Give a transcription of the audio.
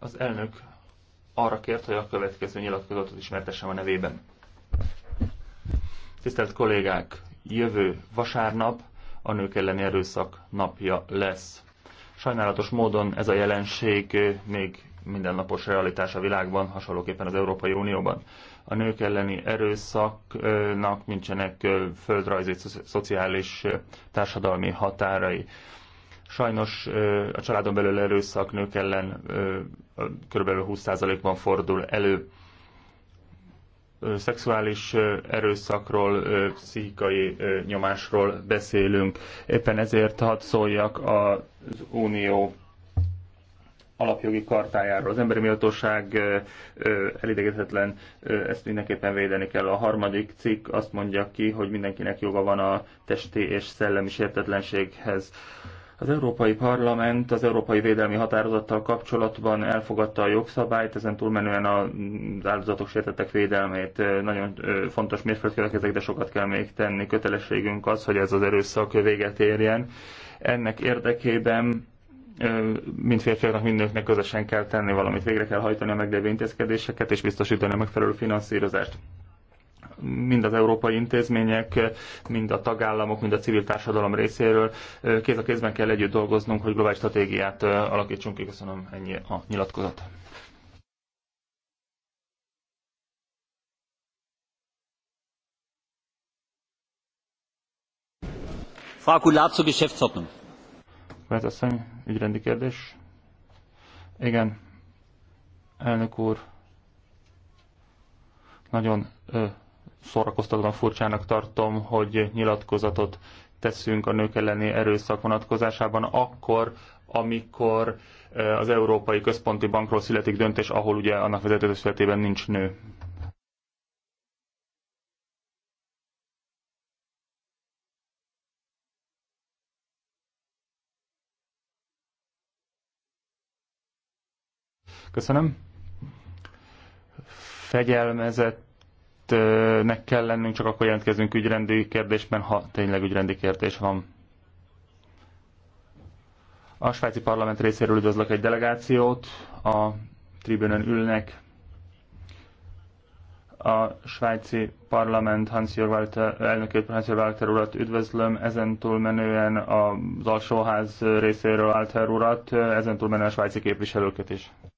Az elnök arra kért, hogy a következő nyilatkozatot ismertessem a nevében. Tisztelt kollégák, jövő vasárnap a nők elleni erőszak napja lesz. Sajnálatos módon ez a jelenség még mindennapos realitás a világban, hasonlóképpen az Európai Unióban. A nők elleni erőszaknak nincsenek földrajzi, szociális, társadalmi határai. Sajnos a családon belül erőszak nők ellen kb. 20%-ban fordul elő. Szexuális erőszakról, pszichikai nyomásról beszélünk. Éppen ezért hadd szóljak az Unió alapjogi kartájáról. Az emberi méltóság elidegethetetlen, ezt mindenképpen védeni kell. A harmadik cikk azt mondja ki, hogy mindenkinek joga van a testi és szellemi sértetlenséghez. Az Európai Parlament az Európai Védelmi Határozattal kapcsolatban elfogadta a jogszabályt, ezen túlmenően az áldozatok sértettek védelmét nagyon fontos mérföldkövek ezek, de sokat kell még tenni. Kötelességünk az, hogy ez az erőszak véget érjen. Ennek érdekében mind férfiaknak, mind nőknek közösen kell tenni valamit, végre kell hajtani a meglévő intézkedéseket és biztosítani a megfelelő finanszírozást mind az európai intézmények, mind a tagállamok, mind a civil társadalom részéről. Kéz a kézben kell együtt dolgoznunk, hogy globális stratégiát alakítsunk ki. Köszönöm, ennyi a nyilatkozat. Frau Kulat zur Geschäftsordnung. Mert asszony, ügyrendi kérdés. Igen, elnök úr, nagyon ö, szórakoztatóan furcsának tartom, hogy nyilatkozatot teszünk a nők elleni erőszak vonatkozásában, akkor, amikor e, az Európai Központi Bankról születik döntés, ahol ugye annak vezetőtestületében nincs nő. Köszönöm. Fegyelmezett nek kell lennünk, csak akkor jelentkezünk ügyrendi kérdésben, ha tényleg ügyrendi kérdés van. A svájci parlament részéről üdvözlök egy delegációt, a tribünön ülnek a svájci parlament Hans-Jörg Walter, elnökét Hans-Jörg Walter urat üdvözlöm, ezen túlmenően az alsóház részéről Walter urat, ezen túlmenően a svájci képviselőket is.